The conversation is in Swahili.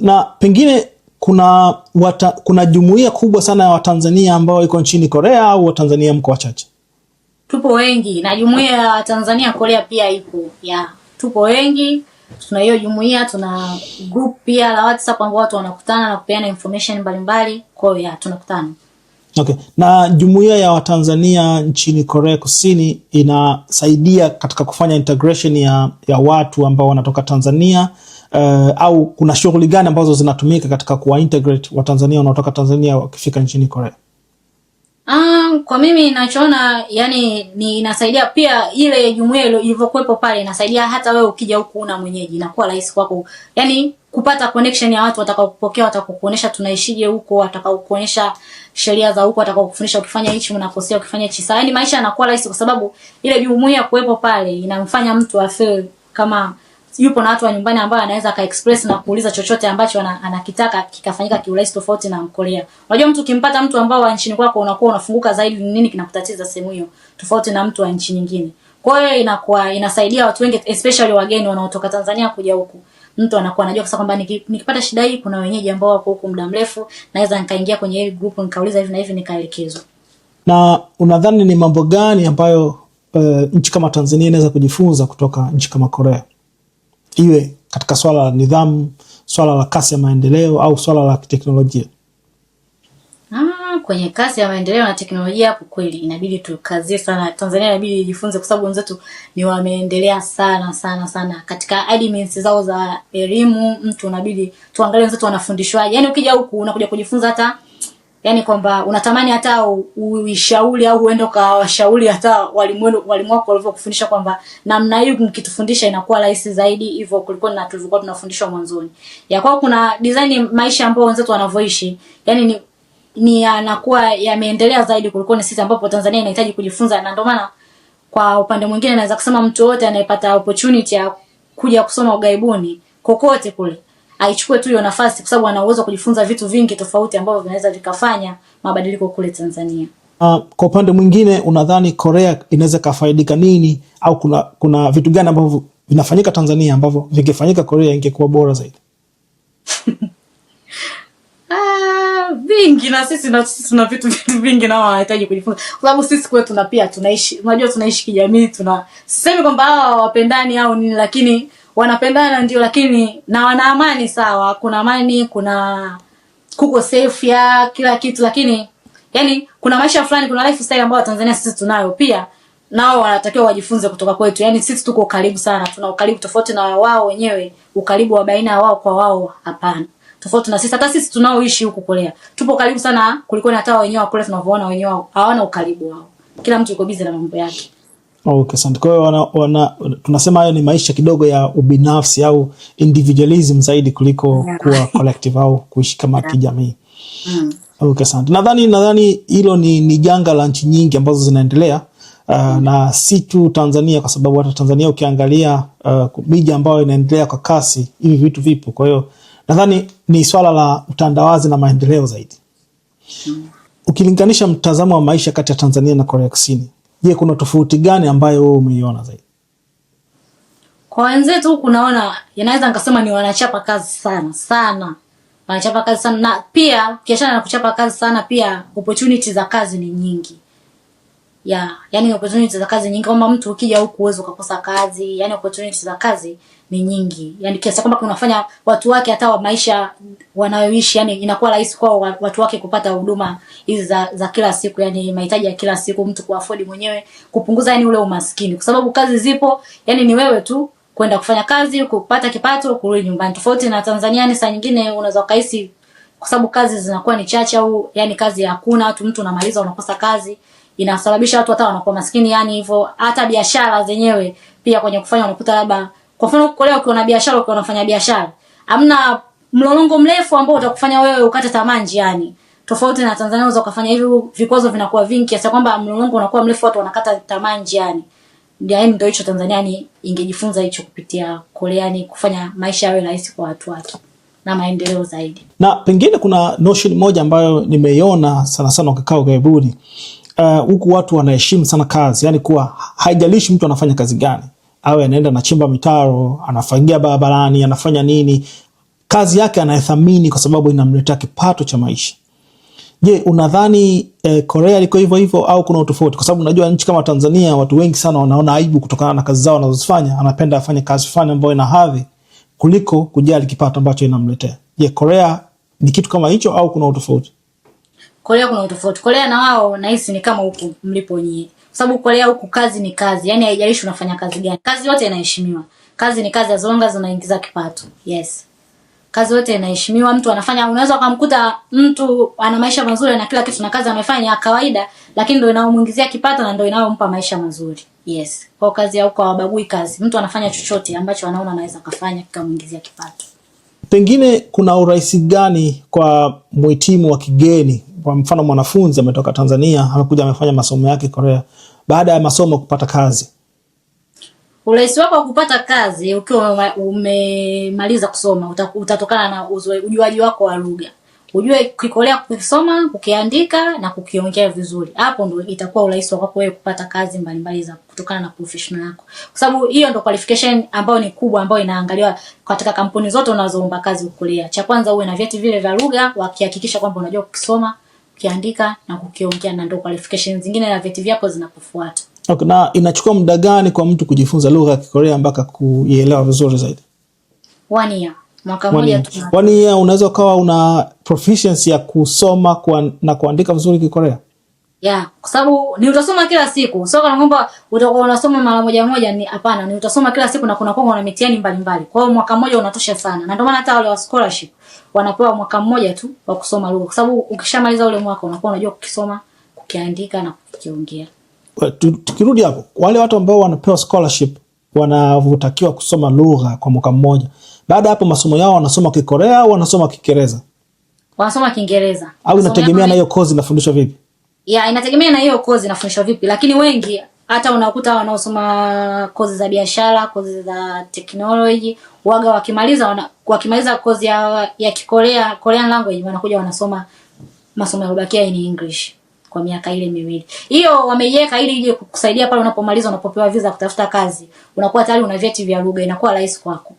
na pengine kuna wata, kuna jumuiya kubwa sana ya Watanzania ambao iko nchini Korea au Watanzania mko wachache? Tupo wengi na jumuiya ya Watanzania Korea pia ipo ya, tupo wengi tuna hiyo jumuiya, tuna group pia la WhatsApp ambao watu wanakutana na kupeana information mbalimbali. Kwa hiyo ya tunakutana. Okay. Na jumuiya ya Watanzania nchini Korea Kusini inasaidia katika kufanya integration ya, ya watu ambao wanatoka Tanzania uh, au kuna shughuli gani ambazo zinatumika katika kuwa integrate Watanzania wanaotoka Tanzania wakifika nchini Korea? Um, kwa mimi nachoona yani ni inasaidia pia ile jumuiya ilivyokuwepo pale, inasaidia hata wewe ukija huku una mwenyeji, inakuwa rahisi kwako yani kupata connection ya watu watakaokupokea, watakaokuonesha tunaishije huko, watakaokuonesha sheria za huko, watakaokufundisha ukifanya hichi unakosea, ukifanya hichi sawa. Yani maisha yanakuwa rahisi kwa sababu ile jumuiya kuwepo pale inamfanya mtu afeel kama yupo na watu wa nyumbani ambao anaweza ka express na kuuliza chochote ambacho anakitaka kikafanyika kiurahisi tofauti na mkolea Unajua mtu ukimpata mtu ambao wa nchini kwako unakuwa unafunguka zaidi nini kinakutatiza sehemu hiyo tofauti na mtu wa nchi nyingine. Kwa hiyo inakuwa inasaidia watu wengi especially wageni wanaotoka Tanzania kuja huku. Mtu anakuwa anajua kwa kwamba nikipata shida hii kuna wenyeji ambao wako huku muda mrefu naweza nikaingia kwenye hili group nikauliza hivi na hivi nikaelekezwa. Na unadhani ni mambo gani ambayo uh, nchi kama Tanzania inaweza kujifunza kutoka nchi kama Korea? iwe katika swala la nidhamu, swala la kasi ya maendeleo au swala la teknolojia? Ah, kwenye kasi ya maendeleo na teknolojia hapo kweli inabidi tukazie sana. Tanzania inabidi ijifunze, kwa sababu wenzetu ni wameendelea sana sana sana katika admins zao za elimu. Mtu unabidi tuangalie wenzetu wanafundishwaje, yaani ukija huku unakuja kujifunza hata yani kwamba unatamani hata uishauri au uende ukawashauri hata walimu walimu wako walivyokufundisha kwamba namna hii mkitufundisha inakuwa rahisi zaidi hivyo kuliko na tulivyokuwa tunafundishwa mwanzoni. Ya kwao kuna design maisha ambayo wenzetu wanavyoishi, yani ni ni yanakuwa yameendelea zaidi kuliko ni sisi ambapo Tanzania inahitaji kujifunza, na ndio maana kwa upande mwingine naweza kusema mtu wote anayepata opportunity ya kuja kusoma ugaibuni kokote kule aichukue tu hiyo nafasi, kwa sababu ana uwezo kujifunza vitu vingi tofauti ambavyo vinaweza vikafanya mabadiliko kule Tanzania. Uh, kwa upande mwingine unadhani Korea inaweza kafaidika nini au kuna, kuna vitu gani ambavyo vinafanyika Tanzania ambavyo vingefanyika Korea ingekuwa bora zaidi? Ah, vingi na sisi na sisi tuna vitu vingi na wanahitaji kujifunza. Kwa sababu sisi kwetu na pia tunaishi, unajua tunaishi kijamii, tuna sisemi kwamba hawa wapendani au nini, lakini wanapendana ndio, lakini na wana amani sawa, kuna amani, kuna kuko safe ya kila kitu, lakini yani kuna maisha fulani, kuna lifestyle ambayo Tanzania sisi tunayo pia nao wanatakiwa wajifunze kutoka kwetu. Yani sisi tuko karibu sana, tuna ukaribu tofauti na wao wenyewe, ukaribu wa baina ya wao kwa wao hapana, tofauti na sisi. Hata sisi tunaoishi huku Korea tupo karibu sana kuliko hata wenyewe wa Korea tunavyoona wenyewe, hawana ukaribu wao, kila mtu yuko busy na mambo yake. Okay, oh, asante. Kwa hiyo wana, wana, tunasema hayo ni maisha kidogo ya ubinafsi au individualism zaidi kuliko yeah, kuwa collective au kuishi kama yeah, kijamii. Mm. Okay, oh, asante. Nadhani nadhani hilo ni, ni janga la nchi nyingi ambazo zinaendelea uh, mm. na si tu Tanzania kwa sababu hata Tanzania ukiangalia uh, miji ambayo inaendelea kwa kasi hivi vitu vipo. Kwa hiyo nadhani ni swala la utandawazi na maendeleo zaidi mm. ukilinganisha mtazamo wa maisha kati ya Tanzania na Korea Kusini Je, kuna tofauti gani ambayo wewe umeiona zaidi? Kwa wenzetu huku naona yanaweza nikasema ni wanachapa kazi sana sana, wanachapa kazi sana na pia kiachana na kuchapa kazi sana, pia opportunity za kazi ni nyingi yeah, yani opportunities za kazi nyingi, kwamba mtu ukija huku uweze ukakosa kazi. Yani opportunities za kazi ni nyingi, yani kiasi kwamba kunafanya watu wake hata wa maisha wanayoishi, yani inakuwa rahisi kwao watu wake kupata huduma hizi za, za kila siku, yani mahitaji ya kila siku, mtu kuafford mwenyewe, kupunguza yani ule umaskini, kwa sababu kazi zipo, yani ni wewe tu kwenda kufanya kazi, kupata kipato, kurudi nyumbani. Tofauti na Tanzania, ni saa nyingine unaweza ukahisi kwa sababu kazi zinakuwa ni chache, au yani kazi hakuna, watu mtu unamaliza unakosa kazi inasababisha watu hata wanakuwa maskini, yani hivyo. Hata biashara zenyewe pia kwenye kufanya unakuta labda kwa mfano uko leo ukiona biashara ukiona unafanya biashara, amna mlolongo mrefu ambao utakufanya wewe ukate tamaa njiani. Tofauti na Tanzania unaweza ukafanya hivi, vikwazo vinakuwa vingi kiasi kwamba mlolongo unakuwa mrefu, watu wanakata tamaa njiani. Ndio, ndio hicho Tanzania ni ingejifunza hicho kupitia Korea, ni kufanya maisha yawe rahisi kwa watu wake na maendeleo zaidi. Na pengine kuna notion moja ambayo nimeiona sana sana ukikaa ugaibuni Eh, huku uh, watu wanaheshimu sana kazi, yani kuwa haijalishi mtu anafanya kazi gani, awe anaenda anachimba mitaro, anafagia barabarani, anafanya nini, kazi yake anayethamini kwa sababu inamletea kipato cha maisha. Je, unadhani eh, Korea liko hivyo hivyo au kuna utofauti? Kwa sababu unajua nchi kama Tanzania watu wengi sana wanaona aibu kutokana na kazi zao wanazozifanya, anapenda afanye kazi fulani ambayo ina hadhi kuliko kujali kipato ambacho inamletea. Je, Korea ni kitu kama hicho au kuna utofauti? Korea kuna utofauti. Korea na wao nahisi ni kama huku mlipo nyie. Sababu Korea huku kazi ni kazi, yani haijalishi unafanya kazi gani. Kazi yote inaheshimiwa. Kazi ni kazi, azonga zinaingiza kipato. Yes. Kazi yote inaheshimiwa. Mtu anafanya, unaweza ukamkuta mtu ana maisha mazuri na kila kitu na kazi amefanya ya kawaida, lakini ndio inayomuingizia kipato na ndio inayompa maisha mazuri. Yes. Kwa kazi ya huko hawabagui kazi. Mtu anafanya chochote ambacho anaona anaweza kufanya kikamuingizia kipato. Pengine kuna urahisi gani kwa mhitimu wa kigeni, kwa mfano mwanafunzi ametoka Tanzania amekuja amefanya masomo yake Korea, baada ya masomo kupata kazi? Urahisi wako wa kupata kazi ukiwa umemaliza kusoma utatokana na ujuaji wako wa lugha ujue kikolea kukisoma, kukiandika na kukiongea vizuri. Hapo ndo itakuwa urahisi wako wewe kupata kazi mbalimbali za kutokana na professional yako, kwa sababu hiyo ndo qualification ambayo ni kubwa ambayo inaangaliwa katika kampuni zote unazoomba kazi kukolea. Cha kwanza uwe na vyeti vile vya lugha, wakihakikisha kwamba unajua kukisoma, kukiandika na kukiongea, na ndo qualification zingine na vyeti vyako zinakufuata. Okay, na inachukua muda gani kwa mtu kujifunza lugha ya Kikorea mpaka kuielewa vizuri zaidi? One year mwaka mmoja Kwani eh, unaweza ukawa una proficiency ya kusoma kwa, na kuandika vizuri Kikorea? Yeah, kwa sababu ni utasoma kila siku. so kana kwamba utakuwa unasoma mara moja moja, ni hapana, ni utasoma kila siku na kuna kwa kuna mitihani mbalimbali. Kwa hiyo mwaka mmoja unatosha sana. Na ndio maana hata wale wa scholarship wanapewa mwaka mmoja tu wa kusoma lugha. Kwa sababu ukishamaliza ule mwaka unakuwa unajua kukisoma, kukiandika na kukiongea. Tukirudi hapo, wale watu ambao wanapewa scholarship wanavyotakiwa kusoma lugha kwa mwaka mmoja baada hapo masomo yao wanasoma Kikorea au wanasoma Kiingereza? Wanasoma Kiingereza. Au inategemea na hiyo kozi inafundishwa vipi? Ya, inategemea na hiyo kozi inafundishwa vipi, lakini wengi hata unakuta wanaosoma kozi za biashara, kozi za teknoloji, waga wakimaliza wana, wakimaliza kozi ya, ya Kikorea, Korean language wanakuja wanasoma masomo ya kubakia ni English kwa miaka ile miwili. Hiyo wameiweka ili ije kukusaidia pale unapomaliza, unapopewa visa kutafuta kazi, unakuwa tayari una vyeti vya lugha, inakuwa rahisi kwako.